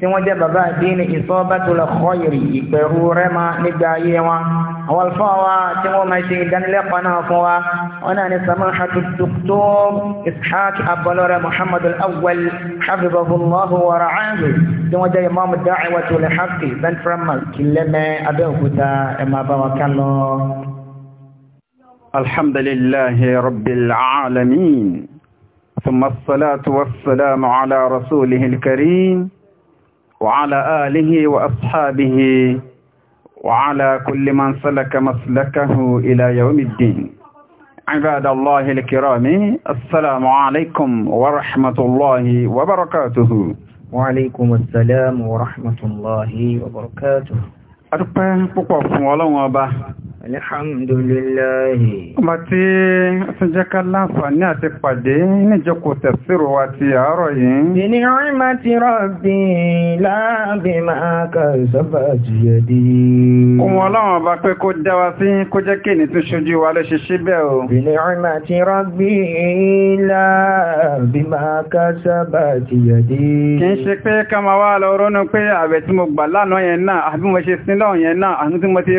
tí wọ́n jẹ́ bàbá àdínì ìsọ́bẹ́tòlẹ̀ kọ́yìrì ìpẹ̀rù rẹ́mà nígbà ayé wa àwọn alfa wa tí wọ́n máa ṣe ìdánilẹ́kọ̀ọ́ náà fún wa wọn náà ní samahatu dr ishaq abalore muhammad al-awwal hafizahullahu wa ra'ahu tí wọ́n jẹ́ imam ben haqqi central mosque lẹ́mẹ́ abẹ́òkúta ẹ̀ máa bá wa kán lọ. الحمد لله رب العالمين ثم الصلاة والسلام على رسوله الكريم وعلى آله وأصحابه وعلى كل من سلك مسلكه إلى يوم الدين عباد الله الكرام السلام عليكم ورحمة الله وبركاته وعليكم السلام ورحمة الله وبركاته أتبقى فقط ولو أبا Alhamdulillahi. Ọmọ tí tún jẹ́ ká láǹfààní àti pàdé níjọkò tẹ̀sírò wa ti àárọ̀ yìí. Bí ní ọ̀rìn máa ti rọ̀bí láàbí máa kà ìsọ́bà jùyẹ dí. Ohun ọlọ́run ọba pé kó dá sí kó jẹ́ kí ní tún ṣojú wa ló ṣe ṣí o. Bí ní ọ̀rìn máa ti rọ̀bí láàbí máa kà ìsọ́bà jùyẹ dí. Kì í ṣe pé ká máa wá lọ ronú pé àwẹ̀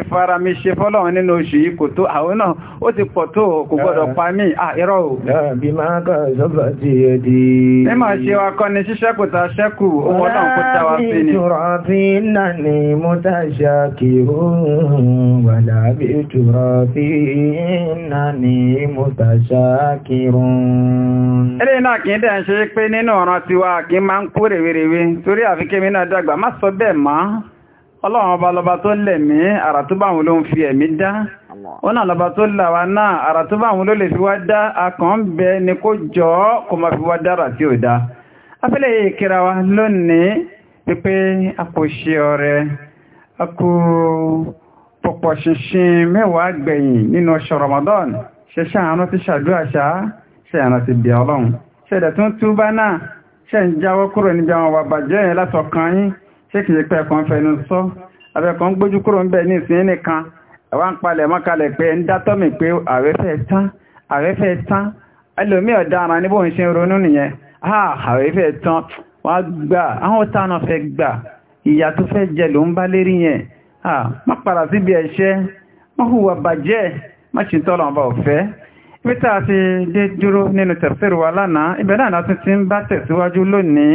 fara mi nínú oṣù yìí kò tó àwọn náà ó ti pọ̀ tó kò gbọ́dọ̀ eh. pa mí àìrọ̀ o. Eh, bí máa kọ́ ìṣọ́fà ti yẹ di. ní máa ṣe wa kọ́ ni ṣíṣẹ́ kò ta ṣẹ́kù owó náà kò ta wa sí ni. fi bí fi tiwa kì í máa ń kó rèwerèwe torí àfikẹ́mi náà dàgbà má sọ bẹ́ẹ̀ ọlọ́run ọba lọba tó lẹ̀mí àrà tó báwọn ló ń fi ẹ̀mí dá wọ́n náà lọba tó làwà náà àrà tó báwọn ló lè fi wá dá akàn ń bẹ ni kó jọ kó ma fi wá dára tí ó dá afẹ́lẹ̀ yìí kíra wa lónìí pípé àkóṣe ọrẹ akú pọ̀pọ̀ ṣinṣin mẹ́wàá gbẹ̀yìn nínú oṣù Ramadan ṣe ṣàánú ti ṣàdúrà ṣá ṣe àánú ti bẹ̀ ọlọ́run ṣẹ̀dẹ̀ tó ń túbá náà ṣe ń jáwọ́ kúrò níbi àwọn bàbàjẹ́ yẹn látọkàn yín ṣé kìí pẹ́ kan fẹnu sọ abẹ́kan gbójú kúrò ń bẹ̀ ní ìsìn nìkan ẹ̀wà ń palẹ̀ mọ́kalẹ̀ pé ń dátọ́mì pé àwẹ́fẹ́ tán àwẹ́fẹ́ tán ẹlòmí ọ̀daràn níbò ń ṣe ronú nìyẹn àwẹ́fẹ́ tán wọ́n gbà àwọn tánà fẹ́ gbà ìyà tó fẹ́ jẹ ló ń bá lérí yẹn má padà síbi ẹ̀ṣẹ̀ má hùwà bàjẹ́ má ṣe tọ́lọ̀ ọba ọ̀fẹ́ ibi tá a ti dé dúró nínú tẹ̀síwá lánàá ibẹ̀ náà láti ti ń bá tẹ̀síwájú lónìí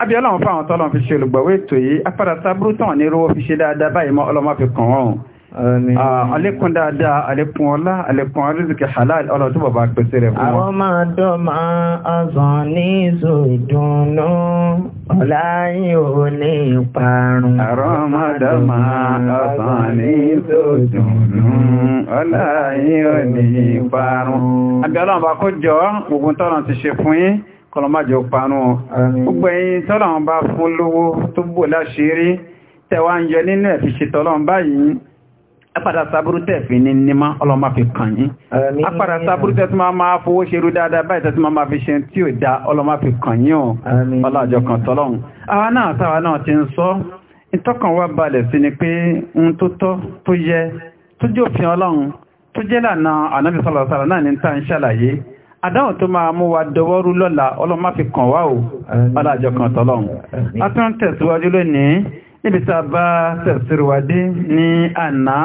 abiola wọn fáwọn tọ́lọ̀ fi ṣe olùgbọ̀wé ètò yìí apára sábúrú tán ní rówó fi ṣe dáadáa báyìí mọ́ ọlọ́mọ fi kàn wọ́n àlékún dáadáa àlékún ọlá àlékún arísìkí halal ọlọ́dún bàbá pèsè rẹ̀ fún wọn. àwọn máa dọ́mà azàn ní ìṣòdùnú ọlá yóò ní ìparun. àwọn máa dọ́mà azàn ní ìṣòdùnú ọlá yóò ní ìparun. àbí ọlọ́run bá jọ gbogbo tọ́lọ̀ ti ṣe fún yín kọlọmájọ panu gbogbo ẹ̀yin tọ́lọ̀n bá fún lówó tó bò láṣírí tẹwa ń yọ nínú ẹ̀fì ṣetọ́lọ̀n báyìí apàdà sábúrú tẹ̀fì ní nímá ọlọ́mà fi kàn yín apàdà sábúrú tẹ́ tí ma máa fowó ṣerú dáadáa báyìí tẹ́ tí ma máa fi ṣe tí ò dá ọlọ́mà fi kàn yín o ọlọ́jọ kan tọ́lọ̀n àwa náà táwa náà ti ń sọ ìtọ́kàn wa balẹ̀ sí ni pé ohun tó tọ́ tó yẹ tó jẹ́ òfin ọlọ́run tó jẹ́ lànà ànábìsọ̀lọ̀sọ̀rọ̀ náà ní ta ń ṣàlàyé àdáhùn tó máa mú wa dọwọ́rú lọ́la ọlọ́má fi kàn wá ò ọlájọ kan tọ́lọ́run a tẹ̀síwájú lónìí níbi tí a bá tẹ̀síwájú ní àná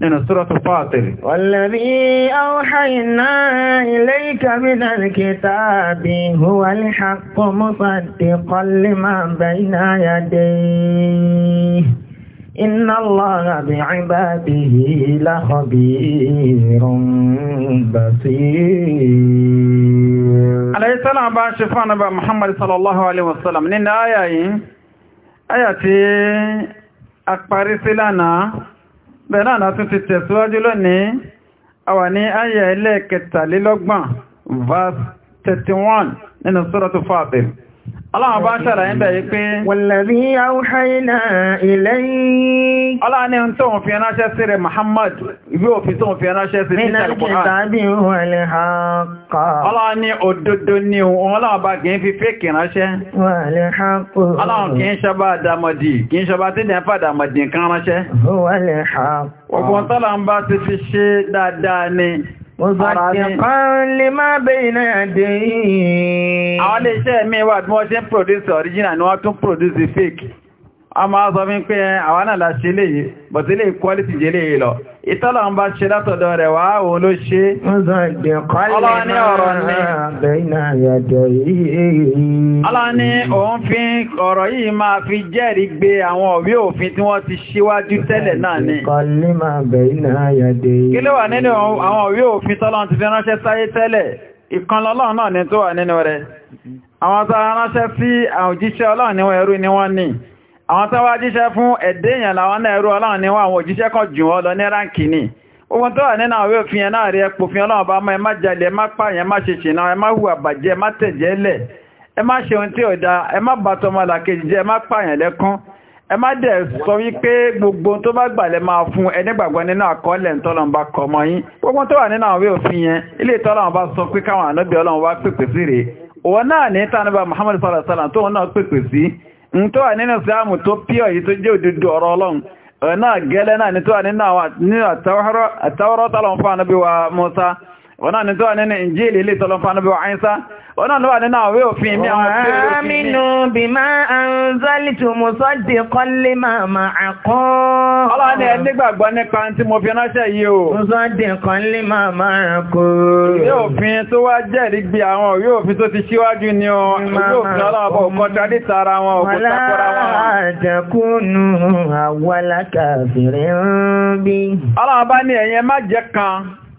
nínú sọ́rọ̀tù fàtìrì wàlẹ̀rí lè hàpọ̀ Inna Allaha bi'ibadihi lakhabirun basir. Àlẹ́sẹ́lá bá ṣe fún ànàbà Muhammad sallallahu Alaihi wasallam nínú ayà yìí, ayà tí a parí sí lánàá, bẹ̀rẹ̀ àná tún ti tẹ̀síwájú lónìí, a wà ní ayà ilẹ̀ kẹtàlélọ́gbọ̀n, verse 31 nínú Suratul Fatir. Ọlọ́run bá ń ṣàlàyé bẹ̀rẹ̀ pé wọ̀lẹ̀rí àwọ̀háìnà ilẹ̀ ń tó ń fi ránṣẹ́ Muhammad, ìwé òfin tó ń fi ránṣẹ́ sí títẹ̀ ni òdodo ni ọlọ́run bá fi fèkì ránṣẹ́. Ọlọ́run kìí ṣọba àdàmọ̀dì, kìí ṣọba tí ní ẹfà àdàmọ̀dì kan ránṣẹ́. Ọgbọ̀n tọ́lọ́run bá Mùsàtìkan lè máa bẹ̀yìnà àdé yìí. Àwọn ilé iṣẹ́ mi wà tí wọ́n ṣe ń produce original ni wọ́n tún produce fake a máa sọ mi pé àwọn náà láṣe léyìí bọ̀ tí lè kọ́lítì jẹ́ léyìí lọ ìtọ́lọ̀ ń bá ṣe látọ̀dọ̀ rẹ̀ wá òun ló ṣe ọlọ́ni ọ̀rọ̀ ní ọlọ́ni òun fi ọ̀rọ̀ yìí máa fi jẹ́rìí gbé àwọn òwe òfin tí wọ́n ti ṣíwájú tẹ́lẹ̀ náà ni kí ló wà nínú àwọn òwe òfin tọ́lọ́ ti fi ránṣẹ́ sáyé tẹ́lẹ̀ ìkan lọ́lọ́run náà ni tó wà nínú rẹ̀ àwọn tó ránṣẹ́ sí àwọn òjíṣẹ́ ọlọ́run ni wọ́n ẹrú ni wọ́n ní àwọn tó wá jíṣẹ́ fún ẹ̀dẹ́ èèyàn làwọn náà ẹrú ọlọ́run ni wọ́n àwọn òjíṣẹ́ kan jù wọ́n lọ ní ráǹkì ní ogun tó wà nínú àwọn òfin ẹ̀ náà rí ẹpò fi ọlọ́run bá mọ́ ẹ má jalè ẹ má pààyàn má ṣe ṣìnà ẹ má hùwà bàjẹ́ ẹ má tẹ̀jẹ́lẹ̀ ẹ má ṣe ohun tí ò da ẹ má bá pààyàn Muhammadu sallallahu alaihi wasallam tóun náà pèpè ń tó wà nínú ìsìlámù tó píọ̀ yìí tó jẹ́ òdodo ọ̀rọ̀ ọlọ́run náà gẹ́lẹ́ náà ní tó wà nínú àtàwọ́rọ̀ tọ́lọ̀ fún ànábì wa wọn náà ni tó wà nínú Injil ilé tọ́lọ́pàá níbi wà áyínsá wọn náà ló wà nínú àwẹ́ òfin mi àwọn aminu bima anzaltu musaddiqan lima ma'akum ọlọ́wọ́ ni mo fi ránṣẹ́ yìí o musaddiqan lima ma'akum ìwé òfin tó wá jẹ́rìí gbé àwọn ìwé kọ́ dárí bá ní ẹ̀yẹ má jẹ́ kan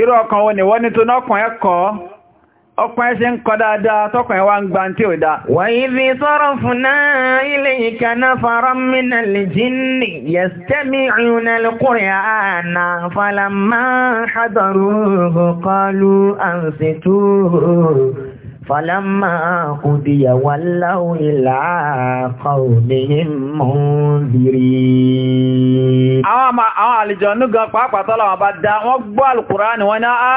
irú ọkàn wo ni wọ́n ní tó nọ́kùn ẹ kọ́ ọkùn ẹ ṣe ń kọ dáadáa tọ́kùn ẹ wá ń gba tí ò dá. wà ìbí tọ́rọ fún náà ilé ìkànnà fara mìíràn lè jíní yẹ̀stẹ́mì ìrìnà lókùnrin àná Fàlámà òdìyà wà láwù ìlà qawmihim munzirin. Àwọn àlìjọ̀nú gan pàápàá tọ́lọ̀ wọn bá dá, wọ́n gbọ́ al wọn náà á.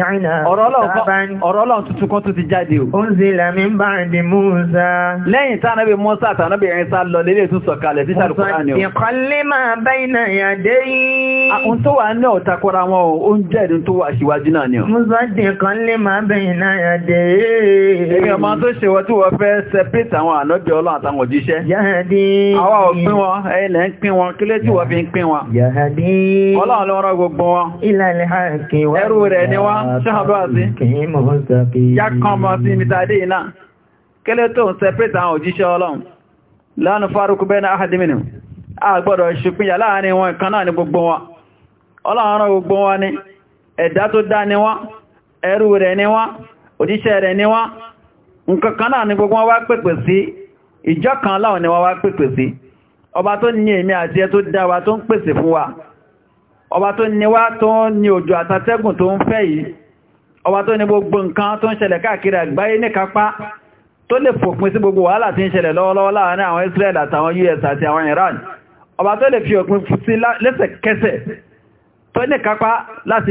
sàmìnà ọ̀rọ̀ ọlọ́run tuntun kan tó ti jáde o. ó ń ṣe làmì ń bá ẹ̀dì Mùsá. lẹ́yìn tí anábì Mùsá àtànábì Ìsá lọ lélẹ̀ tún sọ̀kalẹ̀ sí sàrùkúrá ni o. ìkọ́lé máa bẹ́yìn àyàdé yìí. àwọn tó wà náà takora wọn o ó ń jẹ́ẹ̀dùn tó wà síwájú náà ni o. Mùsá ti ìkọ́lé máa bẹ́yìn àyàdé yìí. èmi ọmọ tó ṣe wọ́n tí wọ́n fẹ́ separate àwọn ànábì wá wá ṣáàbá sí yá kan bọ́ sí ibi tàdé iná kẹ́lẹ́ tó ń separate àwọn òjíṣẹ́ ọlọ́run lánà fárúkú bẹ́ẹ̀ náà àdìmìnì àgbọ́dọ̀ wọn kan náà ni gbogbo wọn ọlọ́run gbogbo wọn ni ẹ̀dá tó dá ni wọ́n ẹrú rẹ̀ ni wa òjíṣẹ́ rẹ̀ ni wọ́n nǹkan kan náà ni gbogbo wọn wá sí ìjọ kan láwọn ni wọ́n wá sí ọba tó ní èmi àti ẹ tó dá wa tó ń pèsè fún wa ọba tó ní wá tó ní òjò àtàtẹ́gùn tó ń fẹ́ yìí ọba tó ní gbogbo nǹkan tó ń ṣẹlẹ̀ káàkiri àgbáyé ní kápá tó lè fòpin sí gbogbo wàhálà tí ń ṣẹlẹ̀ lọ́wọ́lọ́wọ́ láàárín àwọn US àti Iran ọba tó lè fi òpin sí lẹ́sẹ̀kẹsẹ̀ tó ní kápá láti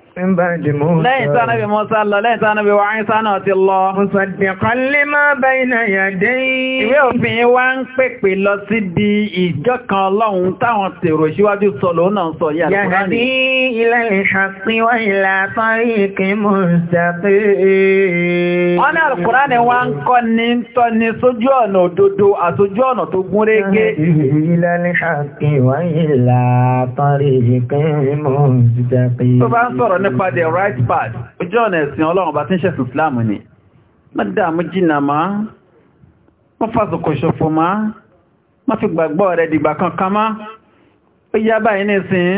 lẹ́yìn tánàbí Mùsá lọ lẹ́yìn wa Ìsá náà ti lọ mùsàdìkan lè máa bẹ́yìn àyàdé ìwé òfin wá ń pèpè lọ sí bí ìjọ kan lọ́hun táwọn tèrò síwájú sọ lòun náà sọ yà Yàdí ilẹ̀ ìṣàpínwá ìlà sọ́rí ìkí mùsàpé. Wọ́n ní Al-Kùránì wá ń kọ́ ní tọ́ ní sójú ọ̀nà òdodo àsójú ọ̀nà tó gún régé nípa the right path ojú ọ̀nà ẹ̀sìn ọlọ́run bá tí ń ṣẹ̀sùn islam ni má dáàmú jìnà má má fásokò ṣòfò má má fi gbàgbọ́ rẹ̀ dìgbà kankan má ó yá báyìí nísìn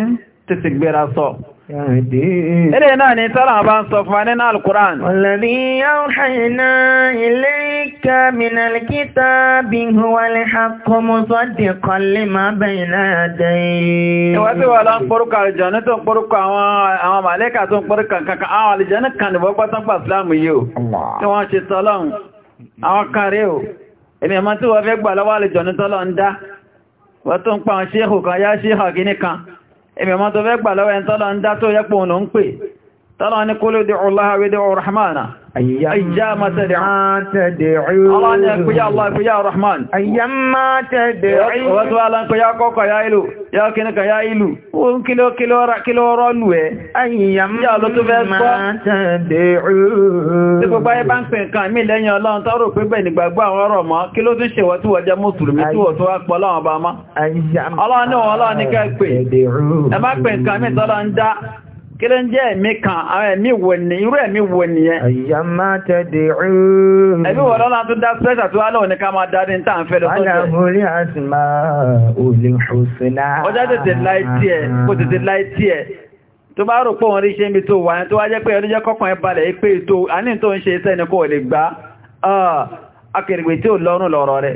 tètè gbéra sọ Ilé náà ni tọ́lá bá ń sọ fún ẹni náà Al-Qur'an. Alladhi awhayna ilayka minal kitabi huwal haqqu musaddiqan lima bayna yadayhi. Ìwọ́n tí wọ́n lọ ń pọ́rúkọ àlùjànnú tó ń pọ́rúkọ àwọn màlẹ́kà kan nìbọ́ pátápà Ìsìlámù yìí tí wọ́n ṣe tọ́lọ́hun àwọn kárí ò. Èmi àmọ́ tí wọ́n fẹ́ gbà lọ́wọ́ àlùjànnú tó ń pa àwọn ṣéhù kan yá ṣéhù kìíní kan èmì ọmọ tó fẹ́ gbà lọ́wọ́ ẹni tọ́lọ ń dá tó yẹ́pọ̀ òun ń pè tọ́lá ní kúlù dìrò láàrí dìrò rahmana ayyamma tad'u Allah ni ẹkùyá Allah ẹkùyá rahman ayyamma tad'u wọ́tí wà lánkùyá kọ́kọ̀ ya ìlú ya kìnnìkan ya ìlú oun kílò rọ́lù ẹ ayyamma tad'u tí gbogbo ayé bá ń pè nǹkan mí lẹ́yìn ọlọ́run tọ́rọ pé bẹ̀ nígbàgbọ́ àwọn ọ̀rọ̀ mọ́ kí ló tún ṣe wọ́tí wọ́n jẹ́ mùsùlùmí tí wọ́n tó wá pọ̀ láwọn ọba mọ́ ọlọ́run ní ọlọ́run ní kẹ́ pè ẹ má pè nǹkan mí tọ́lọ ń dá kílẹ̀ ń jẹ́ ẹ̀mí kan àwọn ẹ̀mí wọ̀nì irú ẹ̀mí wọ̀nì yẹn àyà máa tẹ́dẹ̀ ọ̀rọ̀ ẹ̀bí wọ̀n lọ́la tó dá pẹ́sà tó wálọ̀ ní ká máa dáadé ní tàà fẹ́ lọ sọ́jọ́ aláborí àtìmá olè ṣòṣìlá ọjọ́ tètè láìtí ẹ̀ kò tètè láìtí ẹ̀ tó bá rò pọ̀ wọn rí ṣe ń bi tó wà ní tó wá jẹ́ pé ọdún jẹ́ kọ́kàn ẹ balẹ̀ pé ètò àní tó ń ṣe iṣẹ́ ni kò lè gbá akèrègbè tí ò lọ́rùn lọ́rọ̀ rẹ̀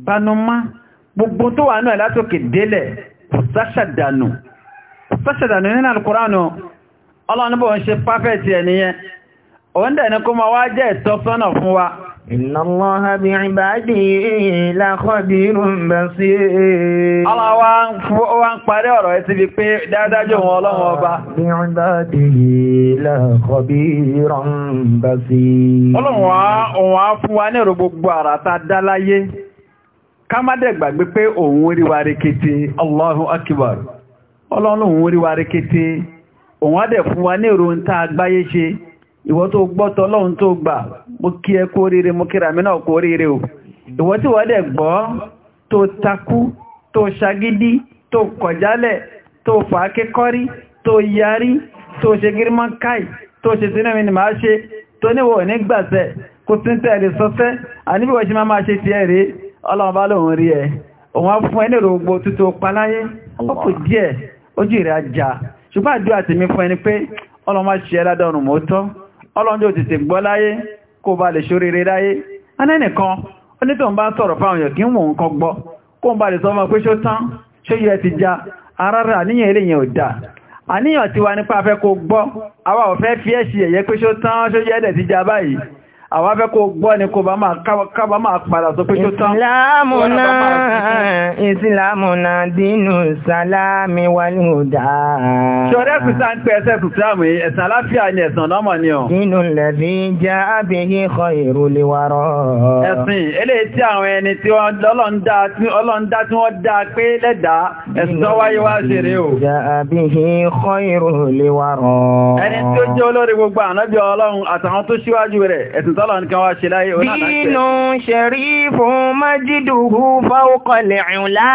banumá gbogbo tó wà náà látòkè délẹ̀ sáṣàdànù sáṣàdànù nínú alkùránù ọlọ́nubọ̀ ń ṣe pápẹ́ẹ̀tì ẹniyẹn òun dẹ̀ ní kó ma wá jẹ́ ìtọ́sọ́nà fún wa bi wa Ọlọ́run fún wa ní gbogbo àràta láyé. ká má dẹ̀ gbàgbé pé òun rí wa rékété Allahu Akbar ọlọ́run òun rí wa rékété òun á fún wa ní èrò ṣe ìwọ tó gbọ́tọ̀ ọlọ́run tó gbà mo kí ẹ kó rere o ìwọ tí wọ́n dẹ̀ gbọ́ tó takú tó ṣagídí tó tó fà tó yarí tó ṣe gírímọ́ káì tó ṣe ni máa ṣe tó níwọ̀ nígbàṣẹ́ tún sọ́fẹ́ àníbíwọ̀ ṣe ọlọ́run bá lóun rí ẹ òun á fún ẹ ní rògbò tuntun paláyé ọkù díẹ̀ ojú ìrẹ́ ajá ṣùgbọ́n àdúrà tèmi fún ẹni pé ọlọ́run má ṣe ẹládọ́rùn mọ́ tọ́ ọlọ́run jò tètè gbọ́ láyé kó ba lè ṣoríire láyé anẹ́nìkan onítọ̀hún bá sọ̀rọ̀ fáwọn èèyàn kí ń wò nǹkan gbọ́ kó ń ba lè sọ ọmọ pé ṣó àníyàn eléyìn ò nípa afẹ́ kó gbọ́ àwa fẹ́ fi ẹ̀ṣì ẹ̀yẹ pé ṣó tán ṣó yẹ ẹ̀dẹ̀ ti já báyìí àwọn afẹ́ kó gbọ́ ni kó bá máa kábà máa padà sọ pé tó tán ìsìlámùná ìsìlámùná dínú sàlámi wà ní òdá ṣọ́rẹ́ fìsà ń pẹ́ ẹsẹ́ fìsàmù ẹ̀sàn aláfíà ni ẹ̀sàn lọ́mọ̀ ni ọ dínú lẹ́bí já ábẹ̀yẹ kọ èrò léwárọ̀ ẹ̀sìn eléyìí tí àwọn ẹni tí ọlọ́ndá tí wọ́n dá pé lẹ́dà ẹ̀sìn o já ábẹ̀yẹ kọ tọ́lọ̀ ní kan wá ṣe láyé oná àtàkẹ́. Dínú ṣẹ̀rífù májídùú fáwọ́kọ̀lẹ̀ ìrùnlá.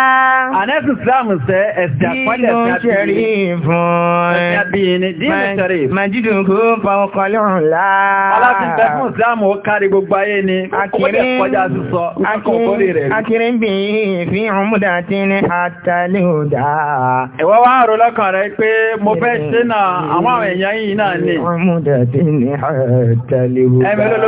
Ànẹ́sì Islam sẹ́ ẹ̀sẹ̀ àpọ́lẹ̀ ṣẹ̀rífù májídùú fáwọ́kọ̀lẹ̀ ìrùnlá. Alákùnfẹ́ fún Islam ó kárí gbogbo ayé ni, fi ọmúdà tí ní àtàlẹ́ òdà. Ìwọ wá rò lọ́kàn rẹ̀ pé mo fẹ́ ṣe náà, àwọn èèyàn yìí náà ni. Ọmúdà tí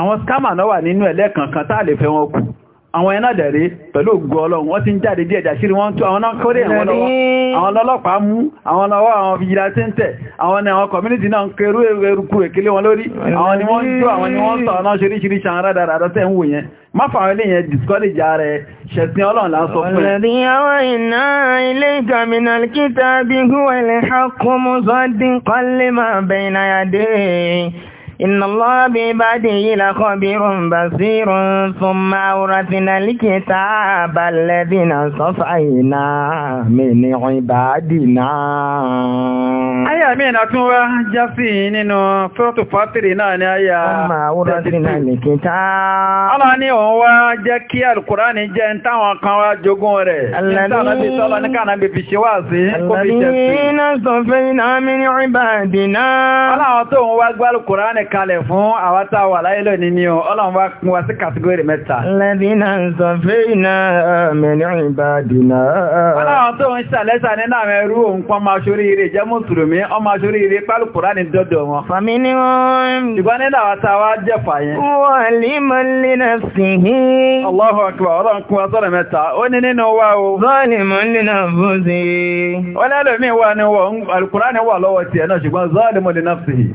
àwọn scammer náà wà nínú ẹlẹ́kànkan tá lè fẹ́ wọn kù àwọn ẹ̀nà dẹ̀rẹ́ pẹ̀lú ògùn ọlọ́run wọ́n ti ń jáde díẹ̀ jàṣírí wọ́n tún àwọn náà kọ́rẹ̀ ẹ̀wọ̀n lọ́wọ́ àwọn ọlọ́pàá mú àwọn ọwọ́ àwọn fìyìlá tí ń tẹ̀ àwọn ni àwọn community náà ń kẹrú eruku èkélé wọn lórí àwọn ni wọ́n tó àwọn ni wọ́n tọ̀ ọ̀nà ṣeríṣiríṣi àwọn rádàrà àdọ́tẹ̀ ń wò yẹn má fàwọn ilé yẹn discourage ààrẹ ṣẹ̀sìn ọlọ́run là ń sọ fún ẹ. ọ̀rẹ́bí إن الله بعباده لخبير بصير ثم أورثنا الكتاب الذين صفعنا من عبادنا Aya mi na tún wá já sí nínú Fọ́tù Fátìrì náà ni aya. Ọmọ àwúrọ̀sínà lè kíta. Ọlá ní òun wá jẹ́ kí Alkùránì jẹ́ ń táwọn kan wá jogún rẹ̀. Alàbí tọ́lọ ní kànáà bí fi ṣe wá sí. Alàbí náà sọ fẹ́ kalẹ̀ fún àwátá wà láyélò ní ní ọlọ́run wá kún wa sí kàtígórì mẹ́ta. Lẹ́bínà sọ̀fẹ́ iná mẹ́rin ìbádìnà. Ọlọ́run tó ń ṣàlẹ́sà nínú àwọn ẹrú òun pọ́n máa ṣorí ire jẹ́ mùsùlùmí, ọ máa ṣorí ire pálùkùrá ní dọ́dọ̀ wọn. Fàmí ni wọ́n. Ṣùgbọ́n nínú àwátá wa jẹ́ fàyẹn. Wọ́n wa sọ̀rọ̀ mẹ́ta. wa o. Zọ́ọ̀lì mọ́ lẹ́nà fún sí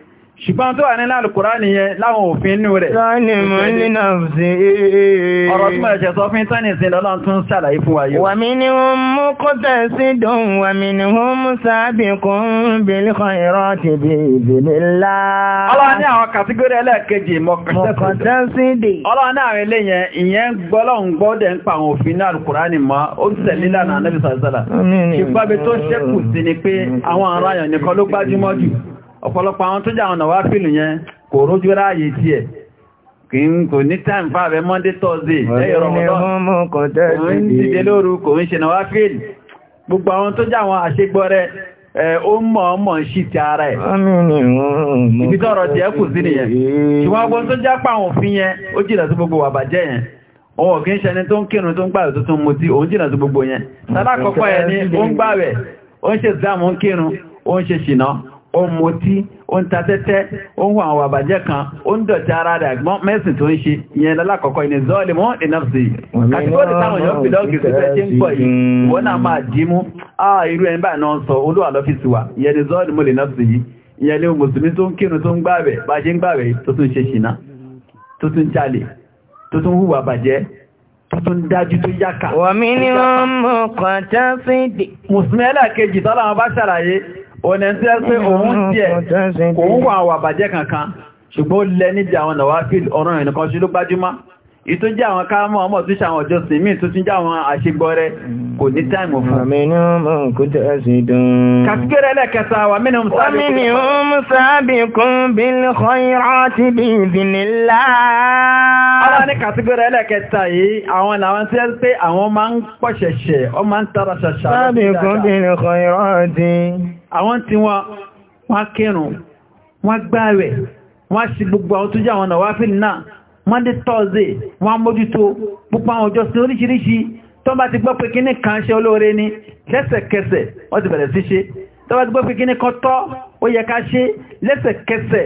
ṣùgbọ́n tó wà nínú Al-Kùránì yẹn láwọn òfin inú rẹ̀. láàrin mọ́ nínú àfisí èèyàn. ọ̀rọ̀ tí mọ̀ ẹ̀ṣẹ̀ sọ fún tánì sí lọ́lọ́n tún ṣàlàyé fún wa yóò. wàmí ni wọ́n mú kọ́tẹ̀ sí dùn wàmí ni wọ́n mú sáàbì kún bèlì kan ìrọ́ ti bí ìbìlì ńlá. ọlọ́run ní àwọn kàtígórì ẹlẹ́ẹ̀kejì mọ̀kàntẹ́sí. ọlọ́run náà ọ̀pọ̀lọpọ̀ àwọn tó jáwọn nàwá fìlù yẹn kò rójú ráyè tí ẹ̀ kì ń kò ní time fàbẹ̀ monday thursday lẹ́yìn rọmọdán kò ń dìde lóru kò ń ṣe nàwá fìlù gbogbo àwọn tó jáwọn àṣegbọ́ rẹ̀ ó mọ̀ ọmọ sí ti ara ẹ̀ ibi tọ́rọ ti ẹkù ń ṣẹni tó ń gbàwẹ̀ tó tún mu tí òun jìnà sí gbogbo yẹn sádà kọ́kọ́ yẹn ni ó ń gbàwẹ̀ ó ń ṣe ìsìlámù ń kírun ó ń ṣe ṣìná ó ń motí ó ń tatẹ́tẹ́ ó ń hù àwọn àbàjẹ́ kan ó ń dọ̀tí ara rẹ̀ àgbọ́n mẹ́sìn tó ń ṣe ìyẹn lọ́lákọ̀ọ́kọ́ ìní zọ́ọ̀lì mọ́ ìnáfsì kàtíkọ́tì táwọn èèyàn ah irú ẹni báyìí náà sọ olúwa lọ́fíìsì wa ìyẹn ni zọ́ọ̀lì mọ́ ìnáfsì yìí ìyẹn ni mùsùlùmí tó ń kírun tó ń gbààwẹ̀ bá dájú tó yáka. wọ̀mí ni wọ́n mú kọ̀ọ̀tà fídì. mùsùlùmí ẹlẹ́ẹ̀kejì tọ́lá wọn bá ṣàlàyé ọ̀nà tí a pé òun díẹ̀ kò wà àwà bàjẹ́ kankan ṣùgbọ́n lẹ níbi àwọn nàwáfíìl ọ̀rọ̀ ìnìkan ṣe ló gbájúmá ìtó jẹ́ àwọn káàmọ́ ọmọ tó ṣe àwọn ọjọ́sìn míì tó tún jẹ́ àwọn àṣegbọ́rẹ́ kò ní táìmù fún. àmìnú mọ̀ yìí àwọn làwọn tí ẹ pé àwọn máa ń pọ̀ṣẹ̀ṣẹ̀ ọ máa ń tara ṣàṣà. sáàbì kún àwọn tí wọ́n wọ́n kírùn wọ́n gbáwẹ̀ wọ́n sí gbogbo àwọn tó jẹ́ àwọn náà wáfíì náà monday thursday wọ́n mójútó púpọ̀ àwọn ọjọ́ sí oríṣiríṣi tó bá ti gbọ́ pé kíní kan ṣe olóore ni lẹ́sẹ̀kẹsẹ̀ wọ́n ti bẹ̀rẹ̀ sí ṣe tó bá ti gbọ́ pé kíní kan tọ́ ó yẹ ká ṣe lẹ́sẹ̀kẹsẹ̀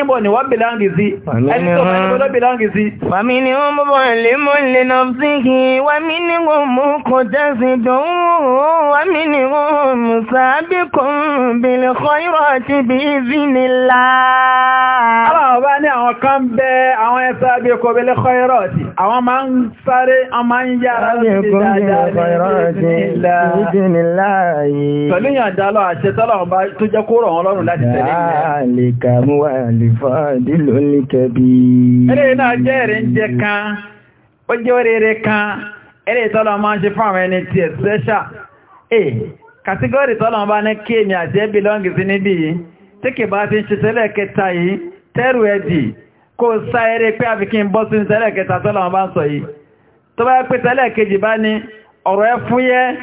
Ibo ni wọ́n bèláǹgì sí, ẹni tó bá ní bèláǹgì sí. Wàmí ni ó mọ́ lè mọ́ lè nà sí kí, wàmí ni ó mú kò jẹ́ sí dùn ún, wàmí ni ó mú sàábí kò ń bèèrè kọ́ ìrọ̀ ti bí ìzí nílá. Àwọn ọba ní àwọn kan bẹ àwọn ẹsẹ́ àbí kò bèèrè kọ́ ìrọ̀ ti, àwọn máa ń sáré, wọ́n máa ń yára sí dáadáa ní fàádìlò ní kẹbí. Eré na jẹ́ jẹ kan, ó jẹ́ oríire kan, eré ìtọ́lọ máa ṣe fún àwọn ẹni tí ẹ̀ sẹ́ṣà. Ee, kàtígọ́rì tọ́lọ bá ní kí èmì àti ẹbí lọ́ngì sí níbí yìí, tí kì bá ti ń ṣe tẹ́lẹ̀ kẹta yìí, tẹ́rù ẹ̀dì, kó sá eré pé àfi kí n bọ́ sí tẹ́lẹ̀ kẹta tọ́lọ bá ń sọ yìí. Tó bá pé tẹ́lẹ̀ kejì bá ní ọ̀rọ̀ ẹ fúyẹ́,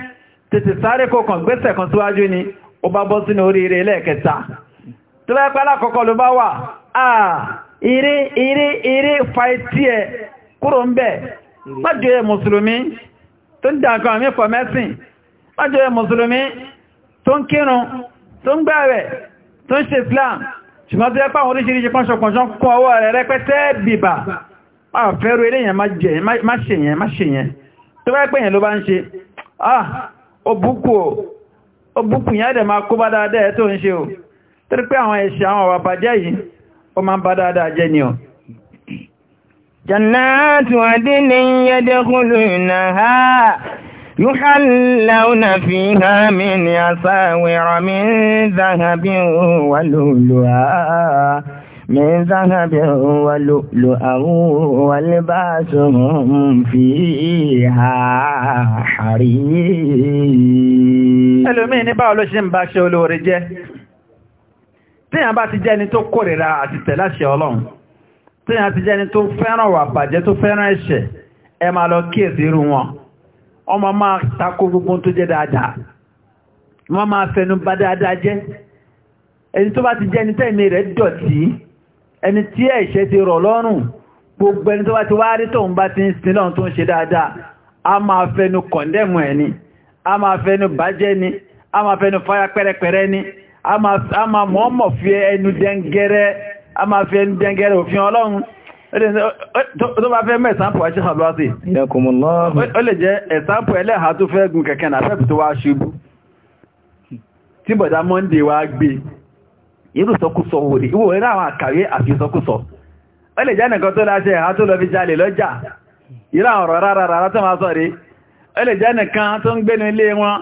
tètè sáré kó kàn gbésẹ̀ kan síwájú ni, ó bá bọ́ sínú oríire lẹ́ẹ̀kẹta. tó bá pẹ́ lákọ̀ọ́kọ́ ló bá wà àà ìrí ìrí ìrí fàìtí ẹ̀ kúrò ń bẹ̀ májòyè mùsùlùmí tó ń dàkan àmì fọ̀ mẹ́sìn májòyè mùsùlùmí tó ń kírun tó ń gbààwẹ̀ tó ń ṣe Islam ṣùgbọ́n tó yẹ pàwọn oríṣiríṣi pọ́nṣọpọ̀nṣọ́ ah ó búkù ó búkù yẹn á dẹ̀ torí pé àwọn ẹ̀ṣẹ̀ àwọn ọ̀wà bàjẹ́ yìí ó máa ń bá dáadáa jẹ́ ni ọ̀ jannatu adini yadkhulunaha yuhallawna fiha min asawira min dhahabin wa lu'lu'a من ذهب ولؤلؤا ولباسهم فيها حرير ẹlòmíì ní báwo ló ṣe ń bá ṣe olóore jẹ́ téèyàn bá ti jẹ́ ẹni tó kórìíra àti tẹ̀láṣẹ ọlọ́run téèyàn ti jẹ́ ẹni tó fẹ́ràn wà bàjẹ́ tó fẹ́ràn ẹ̀ṣẹ̀ ẹ máa lọ kíyèsí irú wọn ọmọ máa tako gbogbo tó jẹ́ dáadáa wọ́n máa fẹnu bà dáadáa jẹ́ ẹni tó bá ti jẹ́ ẹni tẹ́ẹ̀mí rẹ̀ dọ̀tí ẹni tí ẹ̀ṣẹ̀ ti rọ̀ lọ́rùn gbogbo ẹni tó bá ti ni a máa fẹnu fáyà pẹ́rẹpẹ̀rẹ ni a máa mọ́mọ̀ fi ẹnu dẹ́ngẹ́rẹ́ a fi ẹnu dẹ́ngẹ́rẹ́ òfin ọlọ́run tó bá fẹ́ mẹ́sàmpù àṣíhàn àlọ́sì ó lè jẹ́ ẹ̀sàmpù ẹlẹ́ha tó fẹ́ gun kẹ̀kẹ́ náà fẹ́ tó wá ṣubú tí bọ̀dá wá gbé irú sọkúsọ àwọn àkàwé àfi sọkúsọ lè jẹ́ nìkan tó láṣẹ tó lọ fi jalè lọ́jà irú àwọn ọ̀rọ̀ tó máa sọ rí lè jẹ́ nìkan tó ń gbénu ilé wọn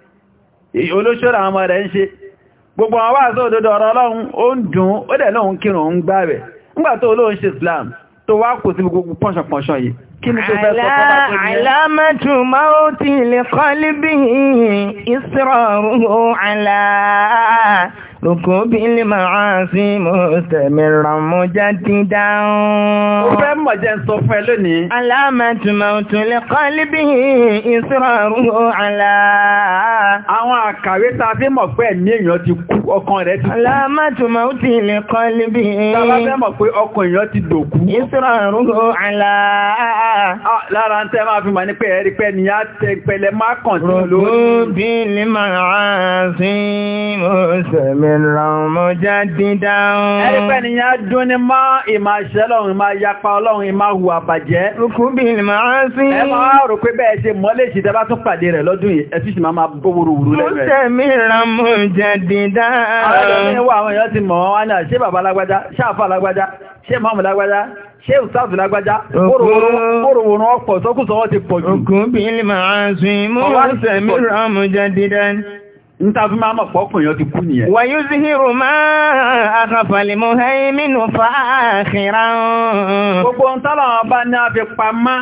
olóṣòrò àwọn rẹ̀ ń ṣe gbogbo àwọn wáàsí òdodo ọ̀rọ̀ ọlọ́run ó ń dùn ó dẹ̀ lóun kírun ń gbààwẹ̀ nígbà tó ṣe Islam tó wá kò sí gbogbo pọ́nṣọpọ́nṣọ yìí alamatu mauti li qalbihi israruhu Lùkú bí lè máa sí mú tẹ̀mìràn mú já ti dáhùn. Ó fẹ́ mọ̀ jẹ́ sọ fún ẹ lónìí. Aláàmàtùmà òtù lè kọ́ líbí ìṣòro àlá. Àwọn àkàwé ta fi mọ̀ pé ẹ̀mí èèyàn ti kú ọkàn rẹ̀ ti kú. Aláàmàtùmà òtù lè kọ́ líbí. Tàbá fẹ́ mọ̀ pé ọkàn èèyàn ti dòkú. Ìṣòro ah, àlá. Lára ń tẹ́ máa fi mọ̀ ní pé ẹ̀rí pẹ́ ni á ìrànmọ́ jáde dáhùn. Ẹ̀rípẹ́ nìyà dún ní mọ́ ìmá ṣẹ́ lọ́run, ìmá yapa ọlọ́run, ìmá hùwà bàjẹ́. Rúkú mi ìrànmọ́ jáde dáhùn. ṣé ìsáàfì lágbájá oròwòrán ọ̀pọ̀ sọ́kùsọ́wọ́ ti pọ̀ jù. Ògùn bí i máa ń sí, mọ́sẹ̀ mi ìrànmọ́ jáde dáhùn. Nítàbí máa mọ̀ pọ́kùn yọ ti kú nìyẹn. Wà yóò sí hírò máa àkàfàlì mú ẹ́ mínú fàákìrán. Gbogbo ń tọ́lọ̀ ọba ní a fi pa máa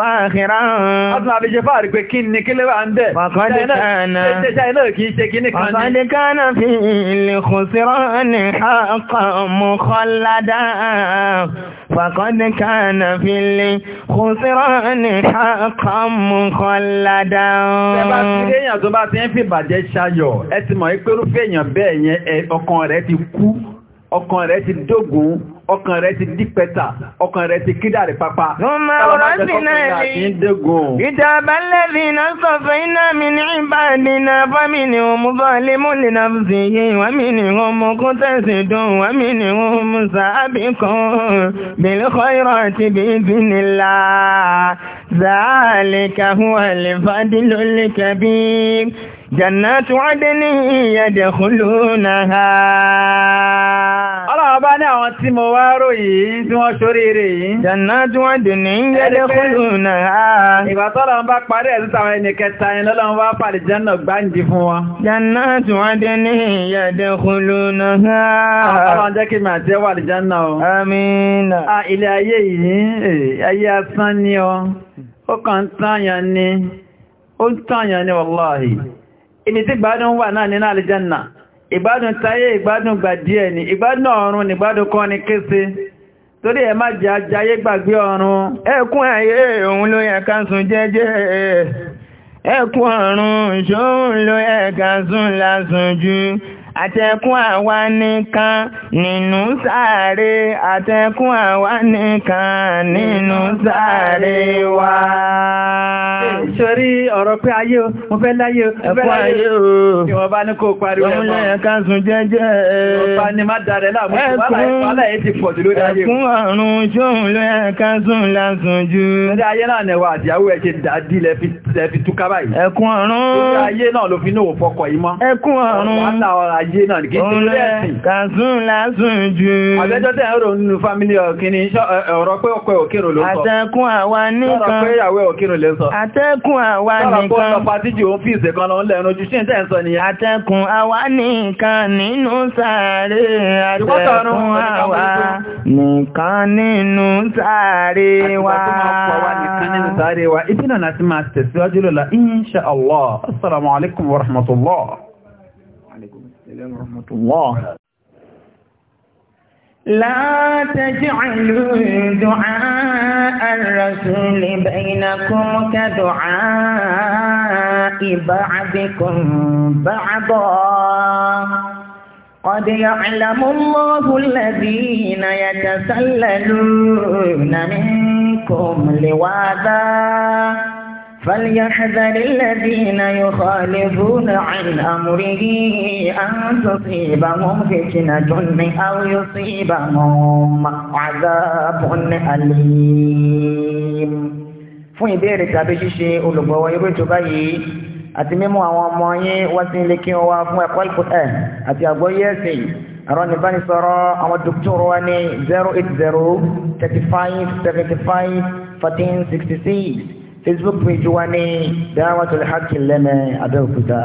fáàkìrá. Wọ́n tún àbíṣe fáàrí pé kí ni kí lẹ́wà ń bẹ̀. Fàkọ́dé kánà. Ṣẹ́ṣẹ́ kì í ṣe kí fi ìlè kùsìrọ́ ní àkọ́ mú kọ́ládá. Fàkọ́dé kánà fi ìlè kùsìrọ́ ní àkọ́ mú kọ́ládá. Ṣé bá ti rí èèyàn tó bá ti ń fi bàjẹ́ ọkàn rẹ̀ ti dí pẹ́ta ọkàn rẹ̀ ti kídà rẹ̀ pápá. ọmọ ọ̀rọ̀ sí náà rí ìjà abálẹ́bí iná sọ̀fẹ́ iná mi ní ìbáàdì náà fọ́mì ní òmùbọ̀ lémúlì náà sì yé wàmí ní òmùkún tẹ̀sí dùn wàmí ní òmùsà àbíkan bìlíkọ́ ìrọ̀ àti bíbí nílá zàálẹ̀ka huwa lè fàdílólè kẹbí jannatu adini yadkhulunaha bá ní àwọn tí mo wá rò yìí tí wọ́n ṣorí rẹ̀ yìí. Jẹ̀nà tí wọ́n dùn ní yẹ́dẹ́ fúnlù náà. Ìgbà tọ́lọ ń bá parí ẹ̀sí tàwọn ẹni kẹta yẹn lọ́lọ́run wá pàdé jẹ́nà gbáǹdì fún tí wọ́n dùn ní yẹ́dẹ́ fúnlù o. Amínà. Ilé ayé yìí, eh, ayé asán ni ni, ó tààyàn Ibi tí gbádùn wà náà nínú àlìjẹ́nà ìgbádùn táyé ìgbádùn gbà díẹ̀ ni ìgbádùn ọ̀run ni ìgbádùn kan ni kése torí ẹ má jẹ́ ajayé gbàgbé ọ̀run ẹkún ayé òun ló yẹ ká sùn jẹ́jẹ́ ẹkún ọ̀run ṣóun ló yẹ ká sùn lásùn jù àtẹ̀kùn àwa nìkan nínú sáré àtẹ̀kùn àwa nìkan nínú sáré wa. sori ọ̀rọ̀ pé ayé o mo fẹ́ láyé o ẹ̀kọ́ ayé o ni wọ́n bá ní kó pariwo ẹ̀kọ́ ọmọlẹ́ ẹ̀ka sùn jẹ́jẹ́ ọba ni má darẹ̀ láàmú wàhálà ti pọ̀ jù lórí ayé o. ẹ̀kún jù. lórí ayé náà ọ̀run lórí ló fi ayé náà kìí tí ilé ẹ̀sìn kàzún lásùn jù àbẹ́jọ́ tẹ́ ẹ̀rọ nínú fámílì ọ̀kíní ọ̀rọ̀ pé ọkọ̀ òkèrò ló sọ àtẹ́kùn àwa nìkan ọ̀rọ̀ pé ìyàwó òkèrò ló sọ àtẹ́kùn àwa nìkan àtẹ́kùn àwa nìkan nínú sàárè àtẹ́kùn àwa nìkan nínú sàárè wa Ibi náà láti máa tẹ̀síwájú lọ́la, Insha Allah, Assalamu alaikum wa rahmatullah. عليكم ورحمة الله لا تجعلوا دعاء الرسول بينكم كدعاء بعضكم بعضا قد يعلم الله الذين يتسللون منكم لواذا فليحذر الذين يخالفون عن أمره أن تصيبهم فتنة أو يصيبهم عذاب أليم fún ìbéèrè tàbí ṣíṣe olùgbọ̀wọ́ irú ètò báyìí àti mímú àwọn ọmọ yín wá sí ilé kí wọ́n wá fún ẹ̀kọ́ ìpòtẹ́ àti àgbọ́yé ẹ̀sìn ẹ̀rọ níbánisọ̀rọ̀ àwọn dókítọ̀rọ̀ wa ní 080 35 75 14 66 facebook page wa ní dáwàtò lẹ́hàkì lẹ́mẹ̀ abẹ́òkúta.